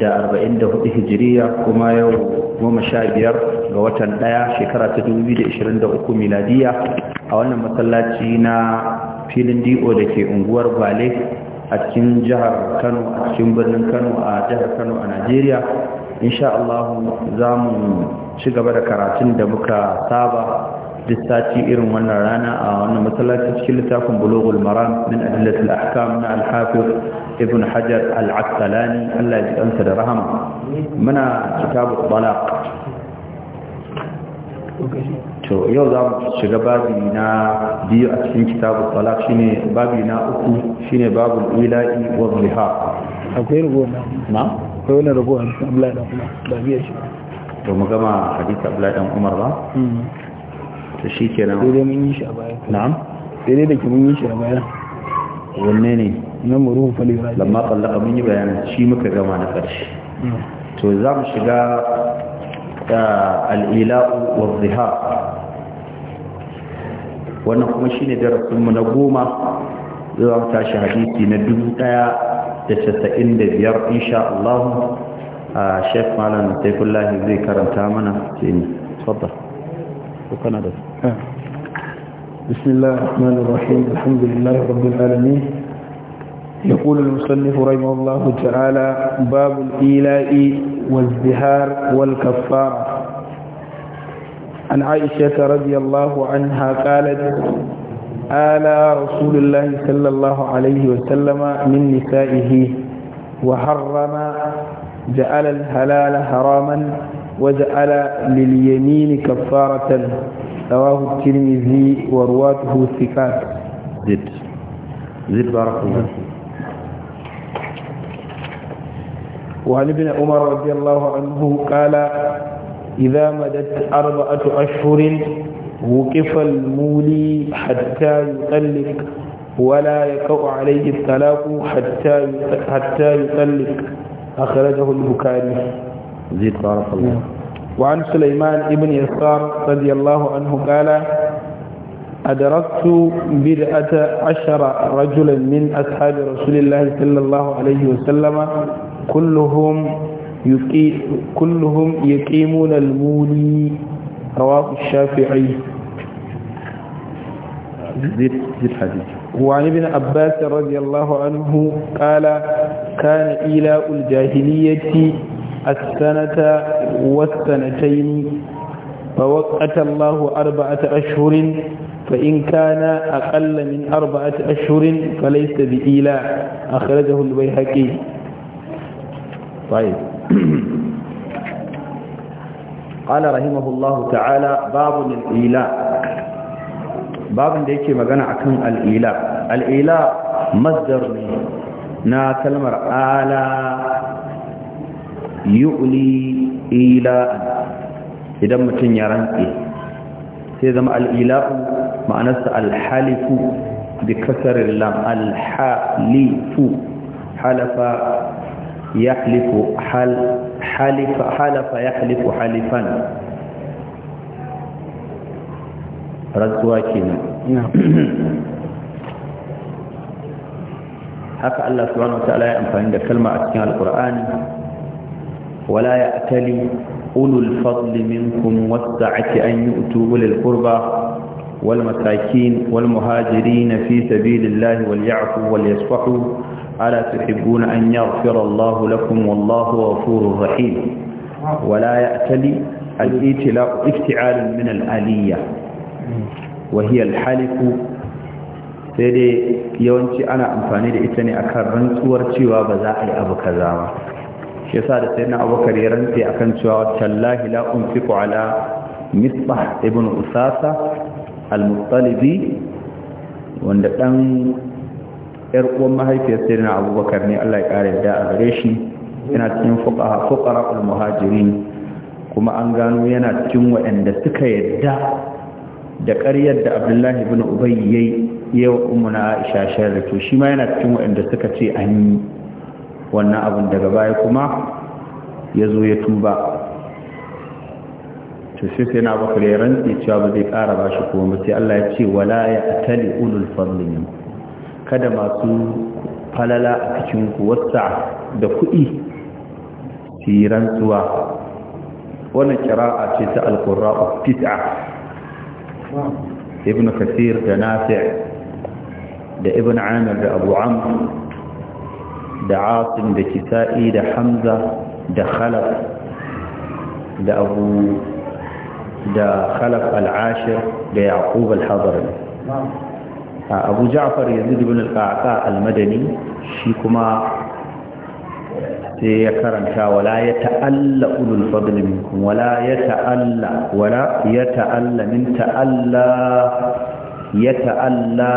da 44 hijiriya kuma yau goma sha biyar ga watan ɗaya shekara ta 2023 miladiya a wannan masallaci na filin do da ke unguwar bale a cikin jihar kano a cikin birnin kano a jihar kano a najeriya insha allahu za mu ci gaba da karatun da muka saba duk irin wannan rana a wannan masallaci cikin littafin bulughul maram min adillatul ahkam na al ibn hajar al-asqalani Allah ya ji da rahama muna kitabu bala to yau za mu shiga babi na biyu a cikin kitabu talaq shine babi na uku shine babul ila'i wa dhiha akwai rubuwa na akwai wani rubuwa Abdullahi dan Umar ba biya shi to mu gama hadisi Abdullahi dan Umar ba mm-hmm. to shi kenan daidai dai mun yi shi a baya na'am sai da ke mun yi shi a baya wanne ne na muruhu falira lamma tsallaka mun yi bayanin shi muka gama na karshe hmm. to za mu shiga al'ila'u wa ziha wannan kuma shi ne darasinmu na goma zuwa mu tashi hadisi na dubu ɗaya da casa'in da biyar insha Allah a shef malam taifullahi zai karanta mana sai ne kana da su بسم الله الرحمن الرحيم الحمد لله رب العالمين يقول المصنف رحمه الله تعالى باب الإيلاء والزهار والكفارة عن عائشة رضي الله عنها قالت آلى رسول الله صلى الله عليه وسلم من نسائه وحرم جعل الحلال حراما وجعل لليمين كفارة رواه الترمذي ورواته ثقات زد زد بارك الله وعن ابن عمر رضي الله عنه قال إذا مدت أربعة أشهر وقف المولي حتى يطلق ولا يقع عليه الطلاق حتى حتى يطلق أخرجه البخاري زيد بارك الله وعن سليمان ابن يسار رضي الله عنه قال أدركت بدعة عشر رجلا من أصحاب رسول الله صلى الله عليه وسلم كلهم يقي كلهم يقيمون المولي رواه الشافعي زيد زيد حديث وعن ابن عباس رضي الله عنه قال كان إيلاء الجاهلية السنة والسنتين فوقت الله أربعة أشهر فإن كان أقل من أربعة أشهر فليس بإيلاء أخرجه البيهقي طيب قال رحمه الله تعالى باب الإيلاء babin da yake magana akan al'ila al'ila masdar ne na kalmar ala yu'li ila idan mutum ya rantse sai zama al'ila ma'anarsa alhalifu bi kasarar lam alhalifu halafa ya ya halifu halifan رزوا كنا حق الله سبحانه وتعالى فعند كلمة أسكن القرآن ولا يأتلي أولو الفضل منكم والسعة أن يؤتوا أولي للقربة والمساكين والمهاجرين في سبيل الله وليعفوا وليصفحوا ألا تحبون أن يغفر الله لكم والله غفور رحيم ولا يأتلي الإتلاق افتعال من الآلية wahiyar halifu sai dai yawanci ana amfani da ita ne a akan rantsuwar cewa ba za a yi abu kaza ba shi yasa da sayyidina abubakar ya rantse akan cewa tallahi la unfiqu ala misbah ibn usasa al-muttalibi wanda dan yar uwan mahaifiyar sayyidina abubakar ne Allah ya kare da a gare shi yana cikin fuqaha fuqara al-muhajirin kuma an gano yana cikin waɗanda suka yadda da ƙaryar da abdullahi bin ya yayi yawa ummu na aisha sharri to shi ma yana cikin waɗanda suka ce an yi wannan abin daga baya kuma ya zo ya tuba to sai sai na bakar ya rantse cewa ba zai ƙara ba shi kuma sai Allah ya ce wala ya atali ulul fadlin kada masu falala a cikin ku wasa da kuɗi su yi rantsuwa wannan kira'a ce ta alƙura'u fit'a ibn kasir da nafi' da ibn amir da abu amr da asim da kisa'i da hamza da khalaf da abu da khalaf al'ashir da yaqub al-hadari abu ja'far yazid ibn al-qaqa al-madani shi kuma sai ya karanta wala ya ta'alla ulul fadli minkum wala ya ta'alla wala ya ta'alla min ta'alla ya ta'alla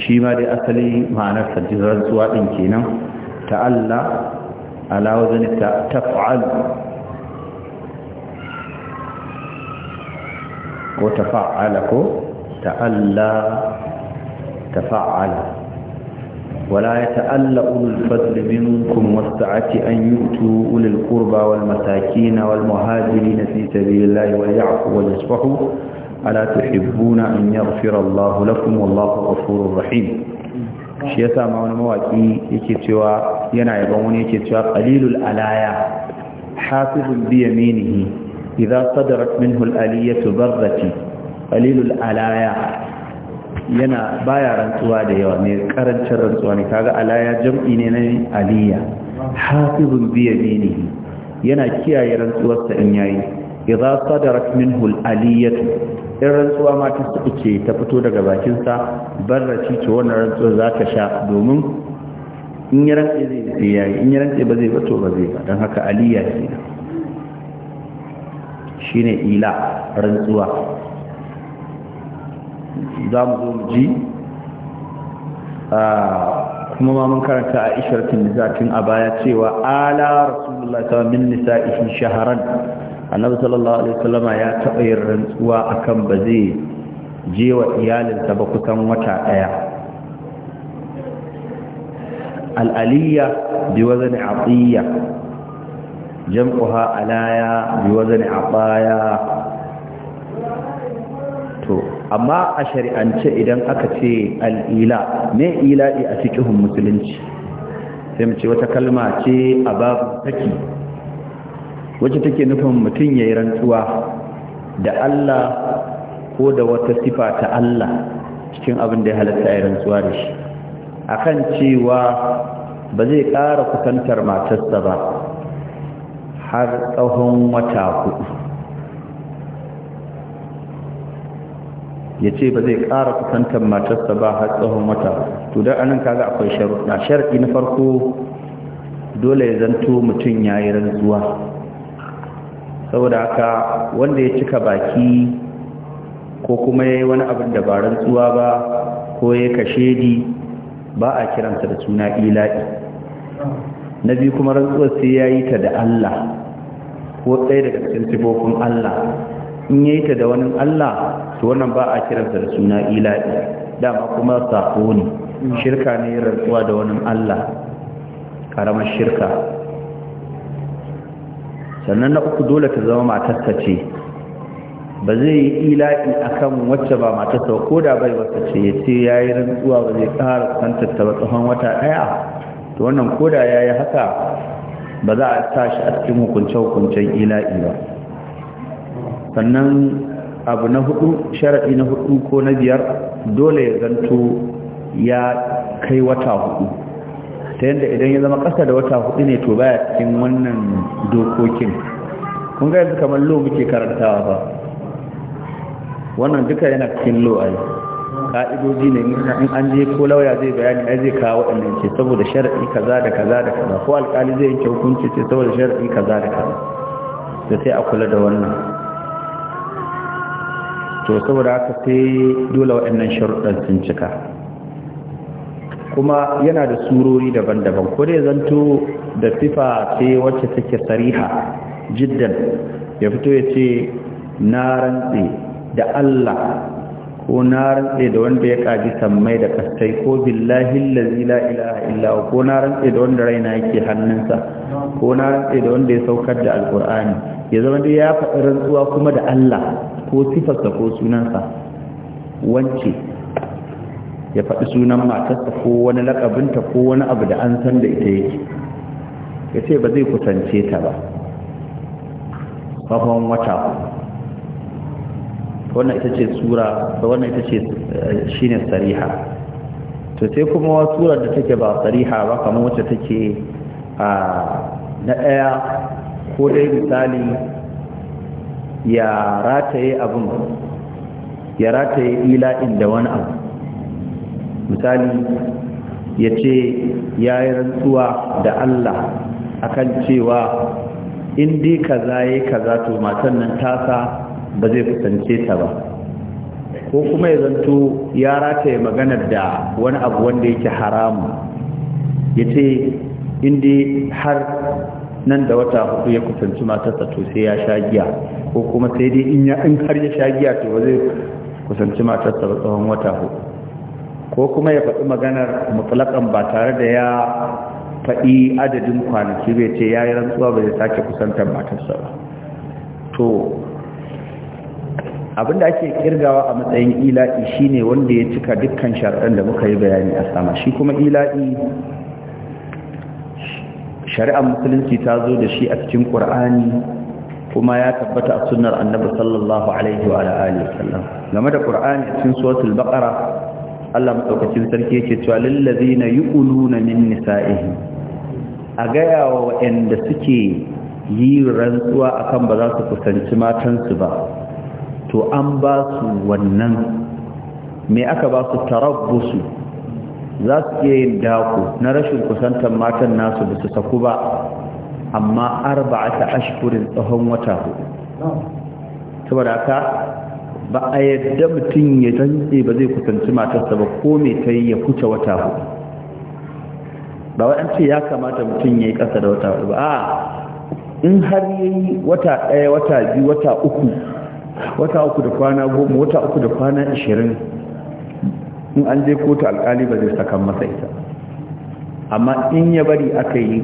shi ma dai asali ma'anar sajjirar zuwa din kenan ta'alla ala ta taf'al ko tafa'ala ko ta'alla tafa'ala ولا يتألى أولو الفضل منكم والسعة أن يؤتوا أولي القربى والمساكين والمهاجرين في سبيل الله وليعفوا وليصفحوا ألا تحبون أن يغفر الله لكم والله غفور رحيم shi yasa ma wani mawaki yake cewa yana yaban wani yake cewa qalilul alaya hafizun bi yaminihi idza sadarat minhu al aliyatu barrati qalilul alaya yana baya rantsuwa da yawa mai karancin rantsuwa ne kaga alaya jam'i ne na aliya hafizun biya bini yana kiyaye rantsuwarsa in yayi idza sadarat minhu aliyatu in rantsuwa ma ta suke ta fito daga bakinsa barraci to wannan rantsuwa za ta sha domin in yi rantsi zai sai yayi in yi rantsi ba zai ba zai ba don haka aliya ce shine ila rantsuwa za mu zo mu ji ah, kuma ma mun karanta a isharatin nizatin a baya cewa ala rasulullah ta min nisa'ihi shaharan annabi sallallahu alaihi wasallama ya taɓa yin rantsuwa akan ba zai je wa iyalinsa ba kusan wata ɗaya Al'aliya bi wazan atiyya jam'uha alaya bi wazan ataya amma a shari'ance idan aka ce al'ila ne ila'i a cikin musulunci sai mace wata kalma ce a babu take wacce take nufin mutum ya yi rantsuwa da Allah ko da wata sifa ta Allah cikin abin da ya halatta ya rantsuwa da shi akan cewa ba zai ƙara kusantar matarsa ba har tsawon wata hudu ya ce ba zai ƙara kusantar matarsa ba har tsawon wata to da anan kaga akwai sharuɗa sharaɗi na farko dole ya zanto mutum ya yi rantsuwa saboda haka wanda ya cika baki ko kuma ya yi wani abin da ba rantsuwa ba ko ya kashe ni, ba a kiransa da suna ila'i na biyu kuma rantsuwar sai ya yi ta da Allah ko tsaye daga cikin sifofin Allah in ya yi ta da wani Allah to wannan ba a kiransa da suna ila'i dama kuma sako ne shirka ne rantsuwa da wani Allah karamar shirka sannan na uku dole ta zama matarsa ce ba zai yi ila'i akan wacce ba matarsa ba ko da bai wata ce ya ce ya yi rantsuwa ba zai ƙara kwantarta ba tsawon wata ɗaya to wannan ko da ya yi haka ba za a tashi a cikin hukunce-hukuncen ila'i ba sannan abu na hudu sharaɗi na hudu ko na biyar dole ya zanto ya kai wata hudu ta yadda idan ya zama ƙasa da wata hudu ne to baya cikin wannan dokokin kun ga yanzu kamar lo muke karantawa ba wannan duka yana cikin lo ai ka'idoji ne in an je ko lauya zai bayani ai zai kawo waɗannan ce saboda sharaɗi kaza da kaza da kaza ko alƙali zai yanke hukunci ce saboda sharaɗi kaza da kaza da sai a kula da wannan to saboda haka sai dole waɗannan sharuɗan sun cika kuma yana da surori daban-daban ko dai zanto da sifa sai wacce take sariha jiddan ya fito ya ce na rantse da Allah ko na rantse da wanda ya kaji sammai da kastai ko billahi allazi la ilaha illa ko na rantse da wanda raina yake hannunsa ko na rantse da wanda ya saukar da Alkur'ani, ya zama dai ya faɗi rantsuwa kuma da Allah ko sifarsa ko sunansa wance ya faɗi sunan matarsa ko wani lakabinta ko wani abu da an san da ita yake ya ce ba zai kusance ta ba tsawon wata wannan ita ce sura wannan ita ce eh, shine tsariha. to sai kuma wa surar da take ba tsariha ba kamar wacce take a ah, na ɗaya ko dai misali ya rataye abin ya rataye ila'in da wani abu misali ya ce ya yi rantsuwa da Allah akan cewa in dai kaza ya kaza to matan nan tasa ba zai kusance ta ba ko kuma ya zanto ya rataye maganar da wani abu wanda yake haramu ya ce in dai har nan da wata hudu ya kusanci matarsa to sai ya sha giya ko kuma sai dai in ya in har ya sha giya to ba zai kusanci matarsa ba tsawon wata hudu ko kuma ya faɗi maganar mutlaƙan ba tare da ya faɗi adadin kwanaki bai ce ya yi rantsuwa ba zai sake kusantar matarsa ba to abin da ake kirgawa a matsayin ila'i shine wanda ya cika dukkan shari'ar da muka yi bayani a sama shi kuma ila'i shari'ar musulunci ta zo da shi a cikin ƙur'ani kuma ya tabbata a sunnar annabi sallallahu alaihi wa alihi wasallam game da qur'ani cikin suratul baqara Allah madaukakin sarki yake cewa lil ladina yuquluna min nisa'ihim a gaya wa waɗanda suke yi rantsuwa akan ba za su kusanci matansu ba to an ba su wannan me aka ba su tarabbusu za su iya yin daku. na rashin kusantar matan nasu ba saku ba amma ta ashkurin tsohon wata hudu saboda haka ba a yadda mutum ya zance ba zai kusanci matarsa ba ko mai ta yi ya kuce wata hudu ba wai ce ya kamata mutum ya yi ƙasa da wata hudu ba a in har yi wata ɗaya wata biyu wata uku wata uku da kwana goma wata uku da kwana ashirin in an je kotu alƙali ba zai sakan masa ita amma in ya bari aka yi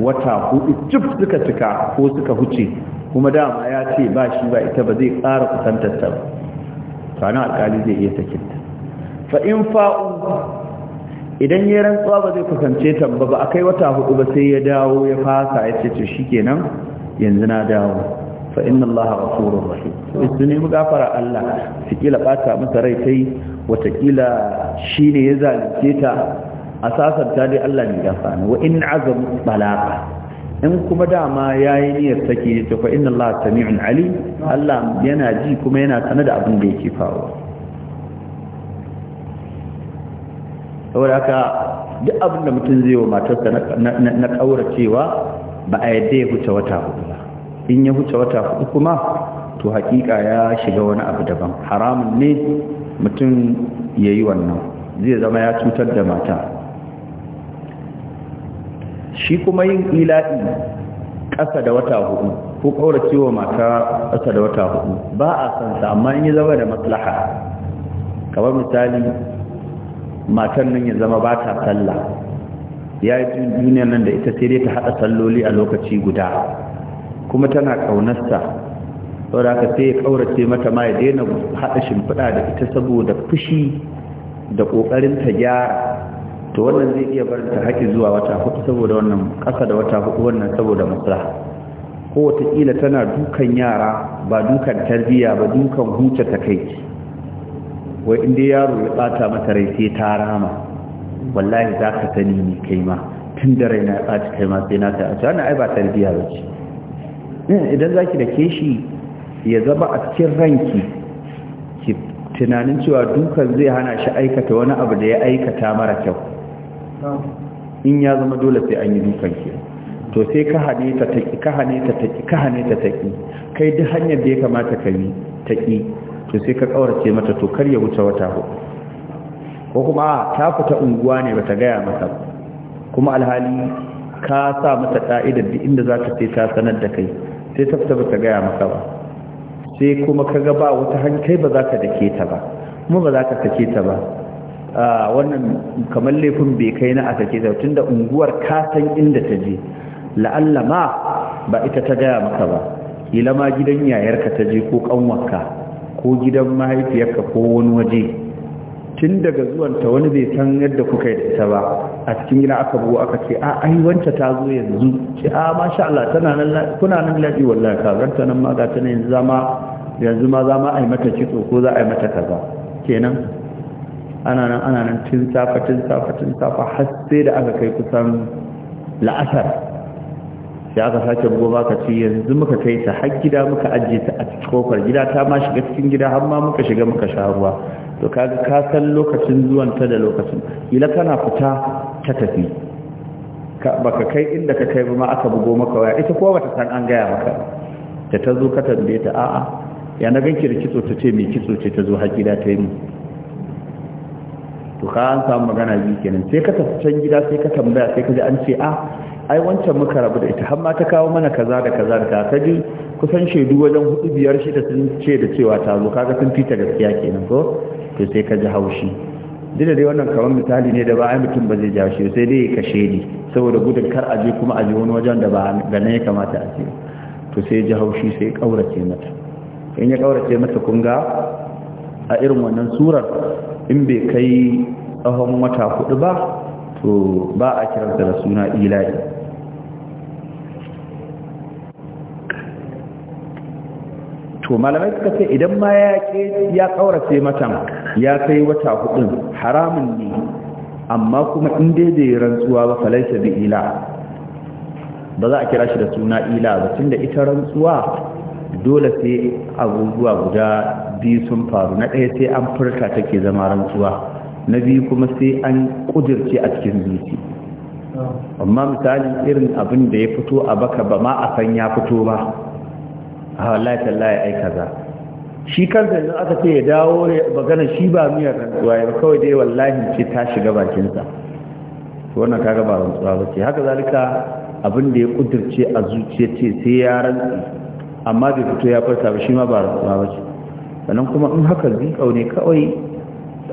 wata hudu cif suka cika ko suka huce kuma dama ya ce ba shi ba ita ba zai ƙara kusantar ta ba na alƙali zai iya sakinta fa in fa'u idan ya rantsuwa ba zai kusance ta ba ba akai wata hudu ba sai ya dawo ya fasa ya ce to shikenan yanzu na dawo fa inna allaha ghafurur rahim su ne gafara Allah su kila bata masa rai tai watakila shi ne ya zalunce ta a sasanta dai Allah ne ya sani wa in azamu balaqa in kuma dama yayi niyyar take to fa inna Allah sami'un ali Allah yana ji kuma yana sanar da abin da yake faruwa saboda haka duk abin da mutum zai wa matarsa na kauracewa ba a yadda ya huce wata hudu ba in ya huce wata hudu kuma to hakika ya shiga wani abu daban haramun ne mutum ya yi wannan zai zama ya cutar da mata shi kuma yin ila'i ƙasa da wata hudu ko ƙauracewa wa mata ƙasa da wata hudu ba a san amma in yi zama da maslaha kamar misali matan nan ya zama ba ta sallah ya yi duniyar nan da ita sai dai ta haɗa salloli a lokaci guda kuma tana ƙaunarsa saboda haka sai ya ƙaurace mata ma ya daina haɗa shimfiɗa da ita saboda fushi da ƙoƙarin ta gyara to wannan zai iya barin ta haƙi zuwa wata hudu saboda wannan ƙasa da wata hudu wannan saboda matsala ko wataƙila tana dukan yara ba dukan tarbiyya ba dukan huce ta kai wai inda yaro ya ɓata mata rai sai ta rama wallahi za ka sani ne kai ma tun da rai na ya ɓata kai ma sai na ta aci wannan ai ba tarbiyya ba ce eh, idan za ki da keshi ya zama a cikin ranki ki tunanin cewa dukan zai hana shi aikata wani abu da ya aikata mara kyau in ya zama dole sai an yi dukan ke to sai ka hane ta taƙi ka hane ta taƙi ka hane ta taƙi kai duk hanyar da ya kamata ka yi taƙi to sai ka ƙaurace mata to kar ya wuce wata hudu ko kuma ta fita unguwa ne bata gaya maka kuma alhali ka sa mata ka'idar duk inda za ta ce ta sanar da kai sai ta fita bata gaya maka ba sai kuma ka ga ba wata kai ba za ka dake ta ba kuma ba za ka sake ta ba wannan kamar laifin bai kai na a sake zai tunda unguwar katon inda ta je La'allama ba ita ta gaya maka ba ila ma gidan yayarka ta je ko kanwarka ko gidan mahaifiyarka ko wani waje tun daga zuwanta wani bai san yadda kuka yi da ita ba a cikin gida aka buwa aka ce a ai wanta ta zo yanzu ce a masha Allah tana nan kuna nan lafi wallahi ka ganta nan ma ga ta yanzu ma yanzu ma za ma a yi mata kitso ko za a yi mata kaza kenan ana nan ana nan tun safa tun safa tun safa har sai da aka kai kusan la'asar sai aka sake bugo baka ci yanzu muka kai ta har gida muka ajiye ta a cikin kofar gida ta ma shiga cikin gida har ma muka shiga muka sha ruwa to kaga ka san lokacin zuwan ta da lokacin ila kana fita ta tafi baka kai inda ka kai ba ma aka bugo maka waya ita ko bata san an gaya maka da ta zo ka tambaye ta a'a ya na ganki da kitso ta ce mai kitso ce ta zo har gida ta yi mu to ka an samu magana biyu kenan sai ka tafi can gida sai ka tambaya sai ka ji an ce a ah, ai wancan muka rabu da ita har ma ta kawo mana kaza da kaza da ka ji kusan shaidu wajen hudu biyar shi da sun ce da cewa ta zo kaga sun fita gaskiya kenan ko to sai ka ji haushi duk da dai wannan kamar misali ne da ba ai mutum ba zai ji haushi sai dai ka kashe saboda gudun kar a je kuma a je wani wajen da ba ga ya kamata a ce to sai ji haushi sai kaurace mata in ya kaurace mata kun ga a irin wannan surar in bai kai tsawon wata hudu ba to ba a kiranta da suna ilahi to malamai suka ce idan ma ya ya kaurace matan ya kai wata hudun haramun ne amma kuma in daidai rantsuwa ba falaisa bi ila ba za a kira shi da suna ila ba tun da ita rantsuwa dole sai abubuwa guda biyu sun faru na ɗaya sai an furta take zama rantsuwa na biyu kuma sai an kudirce a cikin zuci amma misali irin abin da ya fito a baka ba ma a san ya fito ba a wallahi tallahi ai kaza shi kansa yanzu aka ce ya dawo ne magana shi ba miyar rantsuwa ya kawai dai wallahi ce ta shiga bakinsa wannan kaga ba rantsuwa ba ce haka zalika abin da ya kudirce a zuciya ce sai ya rantsi amma bai fito ya farka ba shi ma ba rantsuwa ba ce sannan kuma in haka zai ne kawai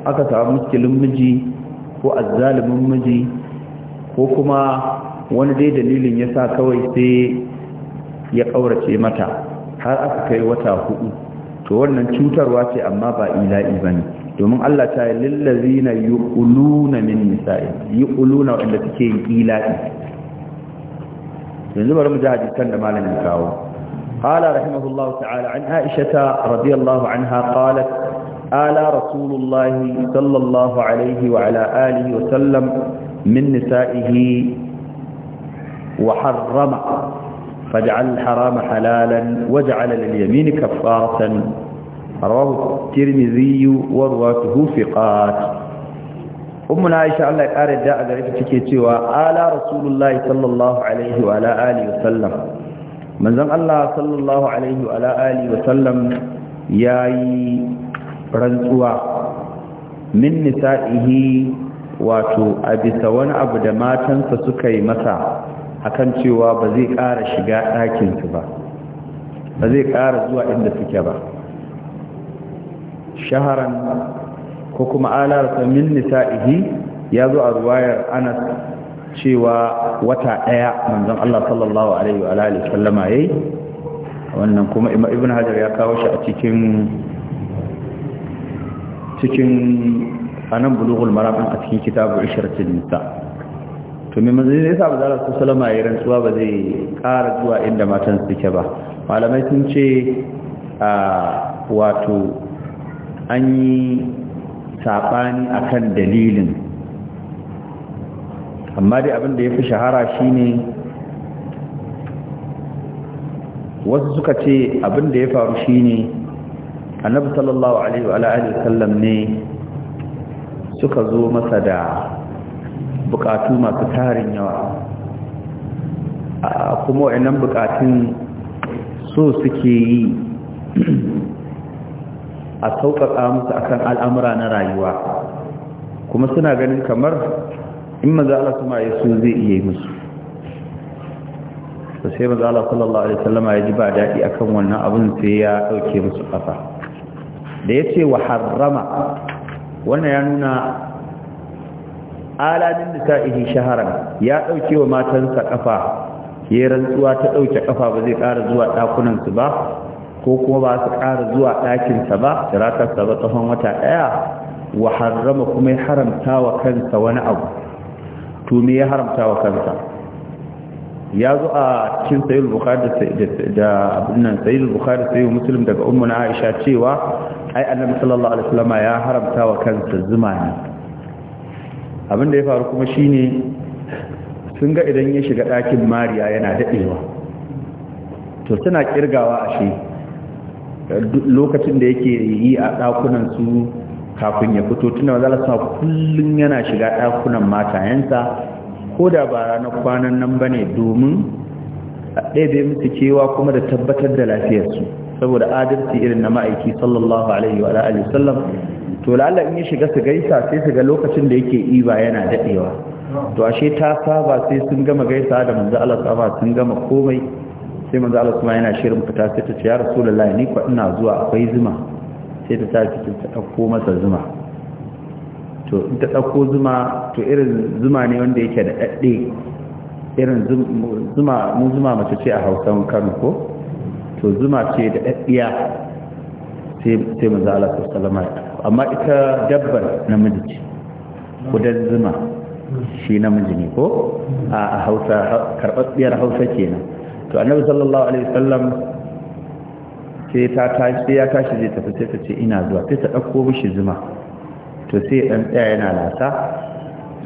aka samu muskilin miji ko azzalimin miji ko kuma wani dai dalilin ya sa kawai sai ya ƙaurace mata har aka kai wata hudu to wannan cutarwa ce amma ba ila'i ba ne domin Allah ta yi lillazi na yi uluna min nisa'i yi uluna suke yi ila'i yanzu bari mu ji hajjitan da malamin kawo قال رحمه الله تعالى عن عائشة رضي الله عنها قالت آل رسول الله صلى الله عليه وعلى آله وسلم من نسائه وحرم فجعل الحرام حلالا وجعل لليمين كفارة رواه الترمذي ورواته ثقات ummuna aisha Allah ya kare da a gare ta take cewa ala rasulullahi sallallahu alaihi wa ala alihi wasallam manzon Allah sallallahu alaihi wa alihi wa sallam yayi rantsuwa min nisa'ihi wato a bisa wani abu da matansa suka yi masa akan cewa ba zai ƙara shiga ɗakinsu ba ba zai ƙara zuwa inda suke ba shaharan ko kuma alarsa min nisa'ihi ya zo a ruwayar anas cewa wata ɗaya manzon Allah sallallahu alaihi wa alihi sallama yayi wannan kuma ibn hajar ya kawo shi a cikin cikin anan bulughul maram a cikin kitabu ishratin nisa to me manzon yasa ba zara su sallama yayi rantsuwa ba zai ƙara zuwa inda matan suke ba malamai sun ce a wato an yi sabani akan dalilin amma dai abin da ya fi shahara shine wasu suka ce abin da ya faru shine annabi sallallahu alaihi wa alihi sallam ne suka zo masa da bukatu masu tarin yawa kuma inan bukatun so suke yi a sauƙaƙa musu akan al'amura na rayuwa kuma suna ganin kamar in maza Allah kuma ya so zai iya yi musu ta sai maza Allah sallallahu alaihi wasallama ya ji ba daɗi a kan wannan abun sai ya ɗauke musu ƙasa da ya ce wa harrama wannan ya nuna aladin da sa'ihi shaharar ya ɗauke wa matansa ƙafa ya rantsuwa ta ɗauke ƙafa ba zai ƙara zuwa ɗakunansu ba ko kuma ba su ƙara zuwa ɗakinsa ba da tiratarsa ba tsawon wata ɗaya wa harrama kuma ya haramta wa kansa wani abu to me ya haramta wa kansa ya zo a cikin sayil bukhari da abinan sayil bukhari sai muslim daga ummuna aisha cewa ai annabi sallallahu alaihi wasallam ya haramta wa kansa zuma ne abinda ya faru kuma shine sun ga idan ya shiga ɗakin mariya yana daɗewa to suna kirgawa a shi lokacin da yake yi a ɗakunan su kafin ya fito tunda maza Allah kullum yana shiga ɗakunan matayensa ko da ba ranar kwanan nan ba ne domin a ɗaya musu cewa kuma da tabbatar da lafiyarsu saboda adalci irin na ma'aiki sallallahu alaihi wa alaihi sallam to lalla in ya shiga su gaisa sai su ga lokacin da yake iba yana daɗewa to ashe ta saba sai sun gama gaisa da manzo Allah saba sun gama komai sai manzo Allah kuma yana shirin fita sai ta ce ya rasulullahi ni ko ina zuwa akwai zuma sai ta tashi ta ɗauko masa zuma to in ta ɗauko zuma to irin zuma ne wanda yake da ɗaɗɗe irin zuma mu zuma mace ce a hausan kano ko to zuma ce da ɗaɗɗiya sai mu za Allah sallama amma ita dabbar namiji ce kudan zuma shi namiji ne ko a hausa karɓaɓɓiyar hausa kenan to annabi sallallahu alaihi wasallam sai ta ya tashi zai tafi sai ta ce ina zuwa sai ta ɗauko mishi zuma to sai ɗan tsaya yana lasa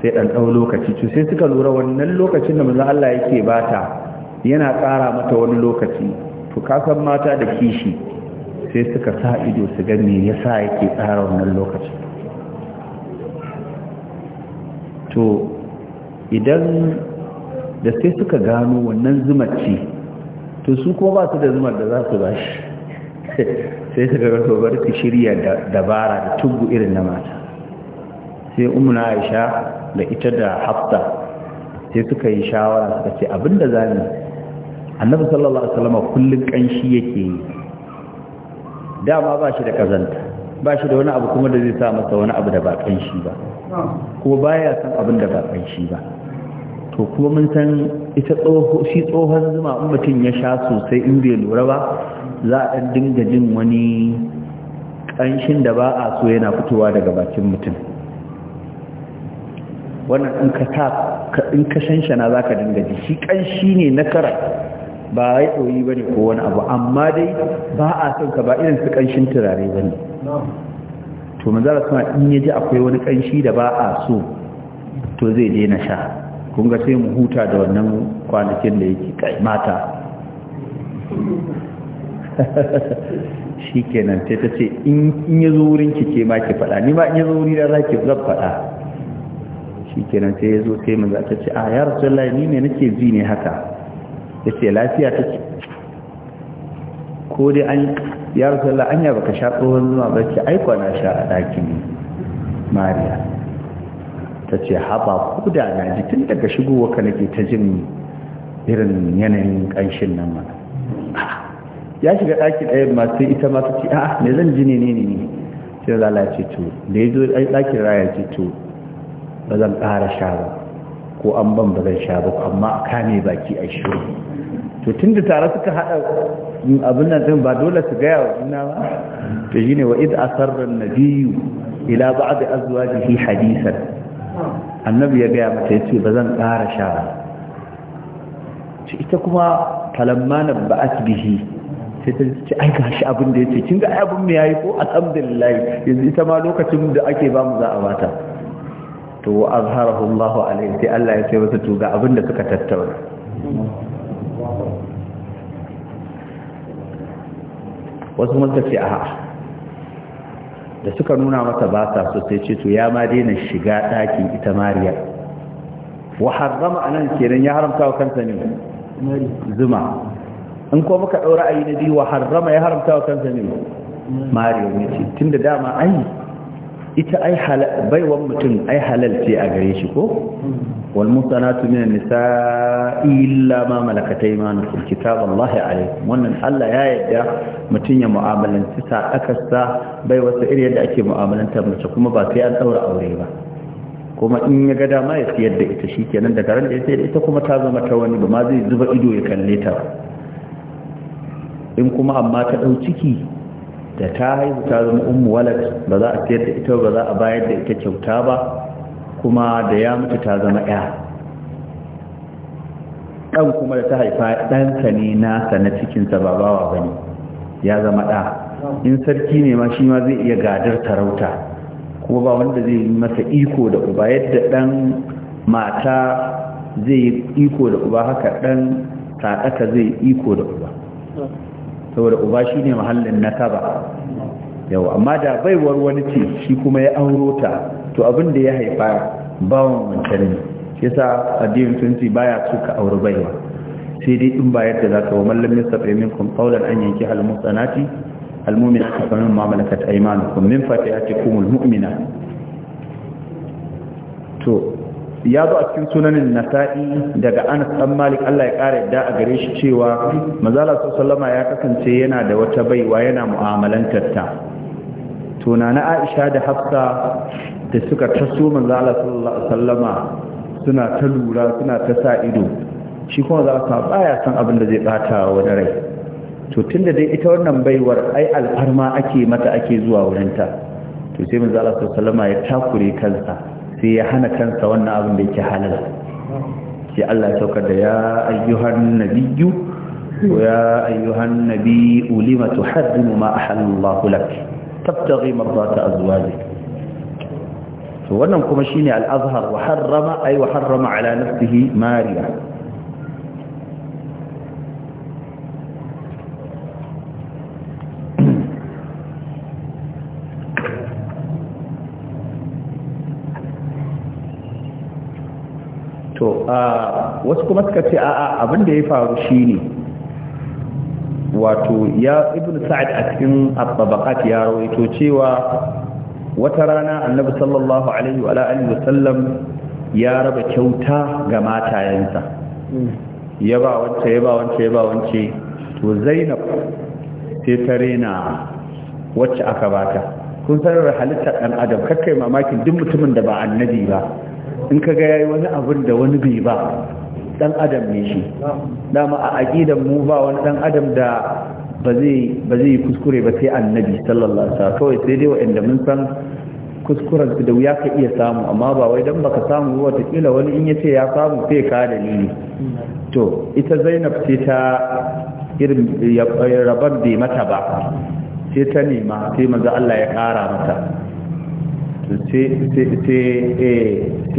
sai ɗan ɗau lokaci to sai suka lura wannan lokacin da manzan Allah yake bata yana ƙara mata wani lokaci to kasan mata da kishi sai suka sa ido su ga me yasa yake tsara wannan lokaci to idan da sai suka gano wannan ce to su ko ba su da zumar da za su ba sai suka rasu bar ku shirya da dabara da tugu irin na mata sai umuna aisha da ita da hafsa sai suka yi shawara suka ce abinda za mu annabi sallallahu alaihi wasallam kullun kanshi yake yi dama ba shi da kazanta ba shi da wani abu kuma da zai sa masa wani abu da ba kanshi ba kuma baya san abin da ba kanshi ba to kuma mun san ita tsoho shi tsohon zuma in mutum ya sha sosai in bai lura ba za a ɗan dinga jin wani ƙanshin da ba a so yana fitowa daga bakin mutum wannan in ka ta in ka shanshana za ka dinga ji shi ƙanshi ne na kara ba ya ɗoyi ba ne ko wani abu amma dai ba a son ka ba irin su ƙanshin turare ba ne to manzara suna in ya ji akwai wani ƙanshi da ba a so to zai daina sha Kunga sai mu huta da wannan kwanakin da yake mata shi kenan ta ta ce in ya zo wurin ki ke ma ki faɗa ni ma in ya zo da za ki zan faɗa shi kenan ta ya zo yi maza ta ce a ya rasu ni ne nake ji ne haka ya ce lafiya ta ce ko dai an ya rasu Allah an yaba ka sha tsohon zuwa ba ce aikwa na sha a ɗakin mariya ta ce haɓa ko da na ji tun daga shigowa ka nake ta jin irin yanayin ƙanshin nan mana ya shiga ɗaki ɗayan ma ita masu ta ce a'a me zan ji ne ne ne ne sai za Allah ce to da ya zo ɗakin raya ce to ba zan ƙara sha ba ko an ban ba zan sha ba amma a kame baki a shi to tun da tare suka haɗa abin nan ɗin ba dole su gaya wa juna ba to shi ne wa id na biyu. ila ba ba'd azwajihi hadisan annabi ya gaya mata yace ba zan ƙara sha ba ita kuma falamma nabba'at bihi sai ta ce ai shi abin da ce kin ga abin me yayi ko alhamdulillah yanzu ita ma lokacin da ake ba mu za a bata to azharahu Allahu alaihi sai Allah ya ce masa to ga abin da suka tattauna wasu mun ce a da suka nuna masa ba ta so sai ce to ya ma daina shiga ɗakin ita mariya wa harrama anan kenan ya haramta wa kansa ne zuma in ko muka ɗau ra'ayi na biyu wa harrama ya haramta wa kansa ne mariya ce tun da dama ai ita ai baiwan mutum ai halal ce a gare shi ko wal musanatu min nisa illa ma malakat kitab Allah alai wannan Allah ya yarda mutum ya mu'amalanta sa akasta bai wata iri yadda ake mu'amalanta mace kuma ba sai an daura aure ba kuma in ya ga dama ya siyar da ita shikenan da ran da ya da ita kuma ta zama ta wani ba ma zai zuba ido ya kalle ta ba in kuma amma ta ɗau ciki da ta haihu ta zama ummu walad ba za a sayar da ita ba za a bayar da ita kyauta ba kuma da ya mutu ta zama ya ɗan kuma da ta haifa ɗansa ne nasa na cikinsa ba bawa ba ne ya zama ɗa in sarki ne ma shi ma zai iya gadar tarauta kuma ba wanda zai yi masa iko da uba yadda ɗan mata zai yi iko da uba haka ɗan sadaka zai iko da uba saboda uba shi ne mahallin kaba yau amma da baiwar wani ce shi kuma ya auro ta to abin da ya haifa bawan wancan ne shi yasa addinin tunci baya su ka auri baiwa sai dai in bayar da za ka wa mallam nisa min kun an yanki hal musanati al mu'minati fa mimma malakat kun min ce kumul mu'mina to ya zo a cikin sunanin nasa'i daga anas dan malik Allah ya kara yadda a gare shi cewa mazala sallama ya kasance yana da wata baiwa yana mu'amalantar ta na aisha da hafsa da suka taso manzala sallama suna ta lura suna ta sa ido shi kuma za ka baya san abin da zai bata wani rai to tunda dai ita wannan baiwar ai alfarma ake mata ake zuwa wurinta to sai manzala sallama ya takure kansa sai ya hana kansa wannan abin da yake halal sai Allah ya saukar da ya ayyuhan nabiyyu ya ayyuhan nabiyyu lima tuhaddimu ma ahallallahu lak tabtaghi mardata azwajik to wannan kuma shine al-azhar wa harrama ay wa harrama ala nafsihi mariya to wasu kuma suka ce a'a abin da ya faru shi ne wato ya ibn sa'ad a cikin abbaqat ya rawaito cewa wata rana annabi sallallahu alaihi wa alihi wa sallam ya raba kyauta ga matayensa ya ba wance ya ba wance ya ba wance to zainab sai ta rena wacce aka bata kun sanar halittar dan adam kakkai mamakin duk mutumin da ba annabi ba in ka ga yayi wani abin da wani bai ba dan adam ne shi dama a aqidan mu ba wani dan adam da ba zai kuskure ba sai annabi sallallahu alaihi wasallam kawai sai dai wa'anda mun san kuskuren su da wuya ka iya samu amma ba wai dan baka samu wata kila wani in yace ya samu sai ka dalili to ita Zainab ce ta irin rabar bai mata ba sai ta nema sai manzo Allah ya kara mata sai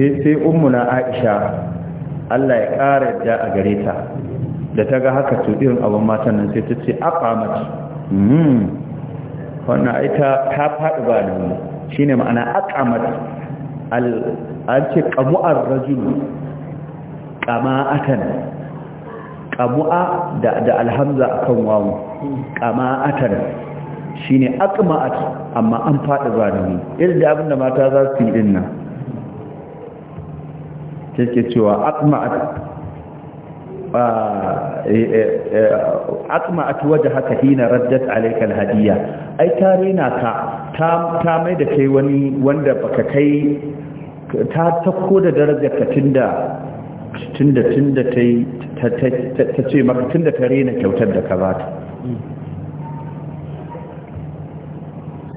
eh, ummuna aisha allah ya ƙara yadda a gare ta da ta ga haka tuɗin abin matan nan sai ta ce aƙa mace hmm. wannan aita ta faɗi ba da mu shi ne ma'ana aƙa mace an ce ƙamu'ar rajulu ƙama'atan ƙamu'a da alhamza a kan wawo ƙama'atan ne, a aqma'at amma an faɗi fada zalimi irin da mata za su yi din nan keke cewa aqma'at eh, eh, eh, waje haka, hina raddat alaikal alhadiya ai ta rena ka ta mai da kai wani wanda baka kai ta tako da darajar ka tunda tunda tunda ta ce maka tunda ta rena kyautar da ka ta. Hmm.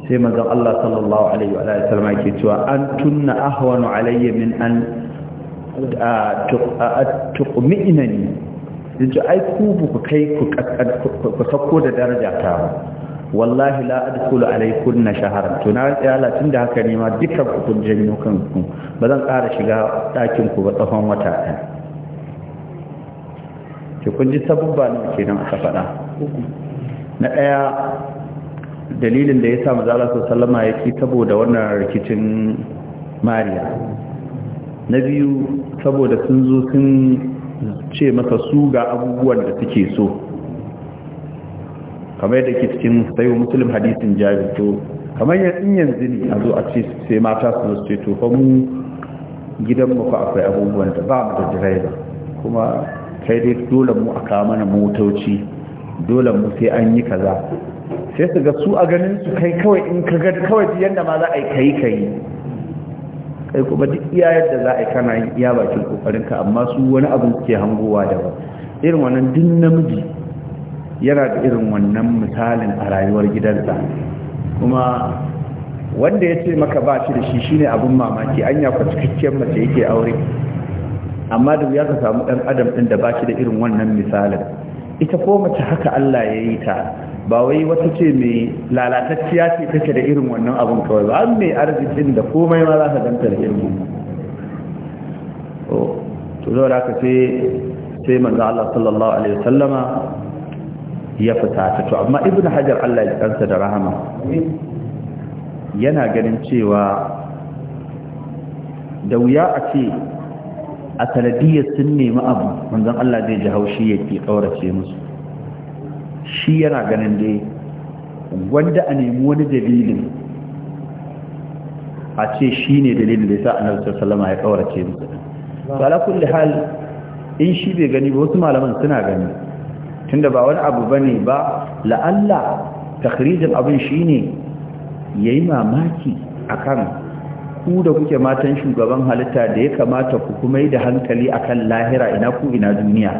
sai manzon Allah sallallahu alaihi wa sallam yake cewa an tunna ahwanu alayya min an ai ku ku kai ku sako da daraja ta wallahi la adkhulu alaykunna shahran to na tsaya Allah da haka ne ma dukkan ku kun janyo kanku ba zan ƙara shiga ɗakin ku ba tsawon wata ɗaya ki kun ji sabubba ne kenan aka faɗa na ɗaya dalilin da ya sa mazala su sallama ya ci saboda wannan rikicin mariya na biyu saboda sun zo sun ce masa su ga abubuwan da suke so kamar yadda ke cikin sayo musulun hadisin jari to kamar in yanzu ne a zo a ce sai mata su ce to fa mu gidan mafi akwai abubuwan da ba mu da direba kuma kai dai dole mu a kawo mana motoci dole mu sai an yi kaza sai su ga su a ganin su kai kawai in ka ga kawai yadda ma za a yi kai kai kai kuma duk iya yadda za a yi kana yin iya bakin kokarinka amma su wani abin suke hangowa da ba. irin wannan duk namiji yana da irin wannan misalin a rayuwar gidansa kuma wanda ya ce maka ba shi da shi shi ne abin mamaki an yafa cikakken mace yake aure amma da ya ka samu ɗan adam ɗin da ba shi da irin wannan misalin ita ko mace haka Allah ya yi ta ba wai wata ce mai lalatacciya ce take da irin wannan abun kawai ba an mai arzikin da komai ma za ka ganta da irin wannan to zo da ka sai sai manzo Allah sallallahu alaihi wasallama ya fita ta to amma ibnu hajar Allah ya kansa da rahama yana ganin cewa da wuya a ce a sanadiyar sun nemi abu manzon Allah zai ji haushi ya ke ƙaurace musu shi yana ganin dai wanda a nemi wani dalilin a ce shi ne dalilin da ya sa annabi sallama ya ƙaurace musu Ba kulli hal in shi bai gani ba wasu malaman suna gani tunda ba wani abu bane ba la'alla takhrijin abin ya yayi mamaki akan ku da kuke matan shugaban halitta da ya kamata ku kuma yi da hankali akan lahira ina ku ina duniya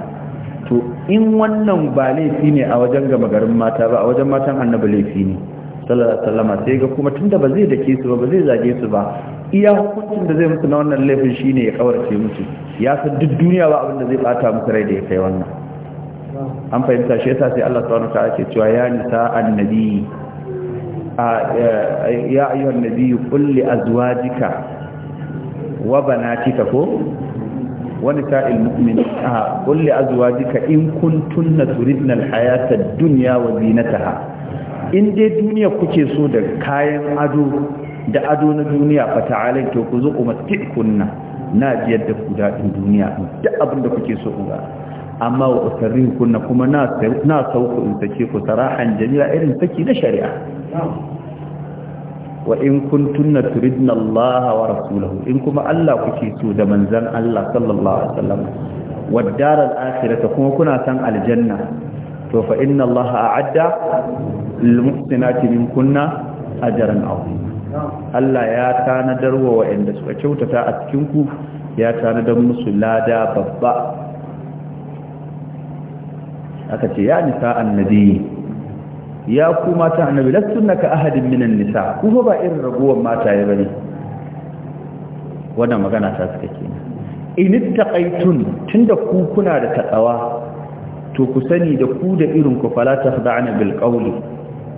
to in wannan ba laifi ne a wajen gama garin mata ba a wajen matan annabi laifi ne Sallama. sai ga kuma tunda ba zai dake su ba ba zai zage su ba iya hukuncin da zai musu na wannan laifin shine ya kaurace musu ya san duk duniya ba abin da zai bata musu rai da ya kai wannan an fahimta shi yasa sai Allah subhanahu wa ta ake cewa ya nisa annabi ya ayyuhan nabiyyu qul azwajika wa banatika ko wani sa'il mu'min a Kulli azwajika in kuntunna turidna al-hayata ad-dunya wa zinataha in dai duniya kuke so da kayan ado da ado na duniya fa ta'alai to ku zo umattikunna na jiyar da ku dadin duniya duk abin da kuke so ku ga amma wa usarrihu kunna kuma na na sauku in sake ku sarahan jamila irin saki na shari'a wa in kuntunna turidna Allah wa rasulahu in kuma Allah kuke so da manzon Allah sallallahu alaihi wasallam wad daral akhirata kuma kuna san aljanna to fa inna Allah a'adda lil muhsinati minkunna ajran azima Allah ya tanadar wa wa'anda suka kyautata a cikin ku ya tanadar musu lada babba aka ce ya nisa annabi ya ku mata annabi lastunna ahadin minan nisa ku ba irin ragowar ya bane wannan magana ta suka ke. in ittaqaitun tunda ku kuna da takawa to ku sani da ku da irin ku fala tahda'na bil qawli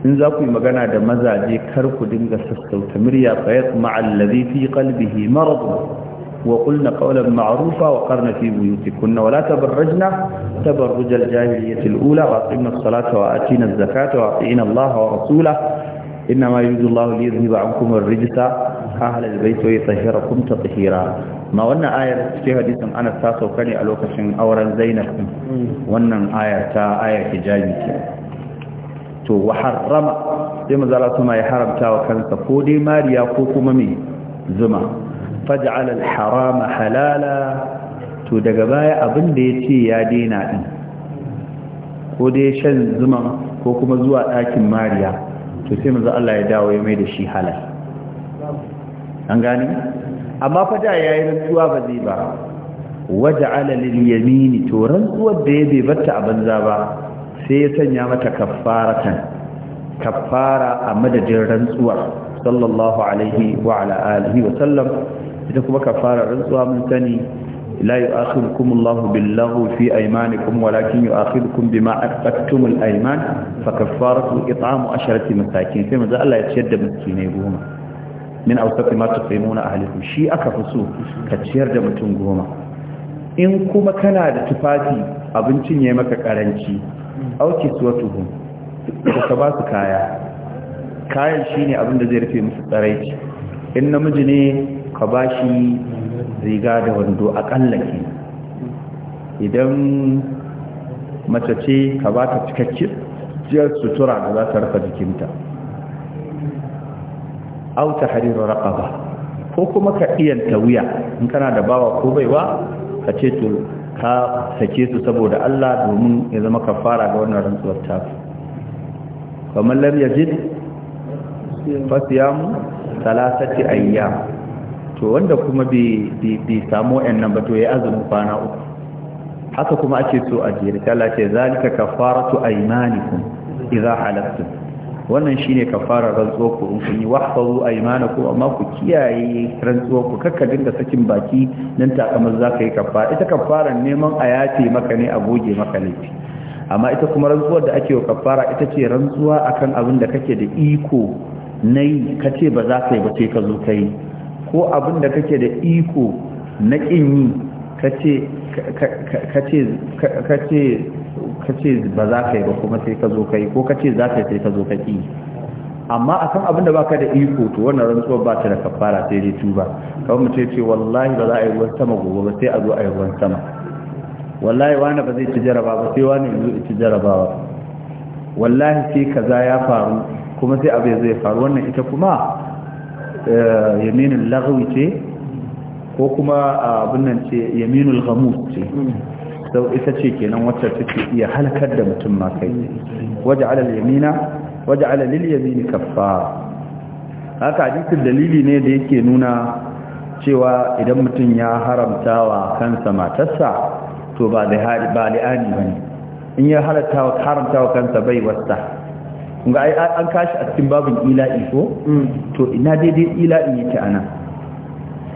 in za ku yi magana da mazaje kar ku dinga sassauta murya fa yatma alladhi fi qalbihi وقلن قولا معروفا وقرن في بيوتكن ولا تبرجن تبرج الجاهلية الأولى وأقمنا الصلاة وآتينا الزكاة وأطيعنا الله ورسوله إنما يريد الله ليذهب عنكم الرجس أهل البيت ويطهركم تطهيرا ما ونا آية في حديث أنا ساسو كاني ألوكشن أورا زينب ونا آية تا آية حجابي to wa harrama sai manzo Allah ya haramta wa kansa ko dai mariya ko kuma me zuma faj'ala al-harama halala to daga baya abin da yace ya daina din ko dai shan zuman ko kuma zuwa ɗakin mariya to sai manzo Allah ya dawo ya mai da shi halal an gane amma faja yayi rantsuwa ba zai ba waja'ala lil yamini to rantsuwar da ya bai batta a banza ba sai ya sanya mata kaffaratan kaffara a madadin rantsuwar sallallahu alaihi wa ala alihi wa sallam ita kuma kafara rantsuwa mun sani la yu'akhidukum Allahu billahu fi aymanikum walakin yu'akhidukum bima aqadtumul ayman fa kaffaratu it'amu asharati masakin sai manzo Allah ya ciyar da miskinai goma min awsati ma tusimuna ahlikum shi aka fi so ka ciyar da mutum goma in kuma kana da tufafi abincin ya maka karanci auki suwatuhum ka ba su kaya kayan shine abin da zai rufe musu tsaraici in namiji ne ka ba shi riga da wando aƙalla ke idan mace ce ka ba ta cikakkiyar sutura da za ta rufe jikinta auta hariru ba. ko kuma ka ta wuya in kana da bawa ko baiwa ka ce to ka sake su saboda Allah domin ya zama ka fara ga wannan rantsuwar tafi kamar lam yajid fasiyamu talatati ayyam to wanda kuma bai samu nan ba to ya azumin kwana uku haka kuma ake so a jere ta lace zalika kafaratu aymanikum idza halaftum wannan shine kafara rantsuwar ku in kun yi wahfazu aymanakum amma ku kiyaye rantsuwar ku kakka dinga sakin baki nan za zaka yi kafara ita kafaran neman a yafe maka ne a goge maka laifi amma ita kuma rantsuwar da ake wa kafara ita ce rantsuwa akan abin da kake da iko nayi kace ba za ka yi ba sai ka zo kai ko abin da kake da iko na ƙin yi ka ce ba za ka yi ba kuma sai ka zo ka yi ko ka ce za ka yi sai ka zo ka ƙi amma a kan abin da ba ka da iko to wannan rantsuwar ba ta da kafara sai dai tuba kawai mu ce wallahi ba za a yi ruwan sama gobe ba sai a zo a yi ruwan sama wallahi wani ba zai ci jaraba ba sai wani zo ci jarabawa wallahi sai kaza ya faru kuma sai abin zai faru wannan ita kuma Eh, yaminin lagawi ce ko kuma ah, abun nan ce yaminul ghamus ce sau ita ce kenan wacce take iya halakar da mutum ma kai waje alal yamina waje alal yamini kaffa haka hadisin dalili ne da yake nuna cewa idan mutum ya haramta wa kansa matarsa to ba li'ani ba bane in ya haramta wa kansa bai wasta Kunga ai an kashi a cikin babin ila'i ko mm. to ina daidai ila'i yake ana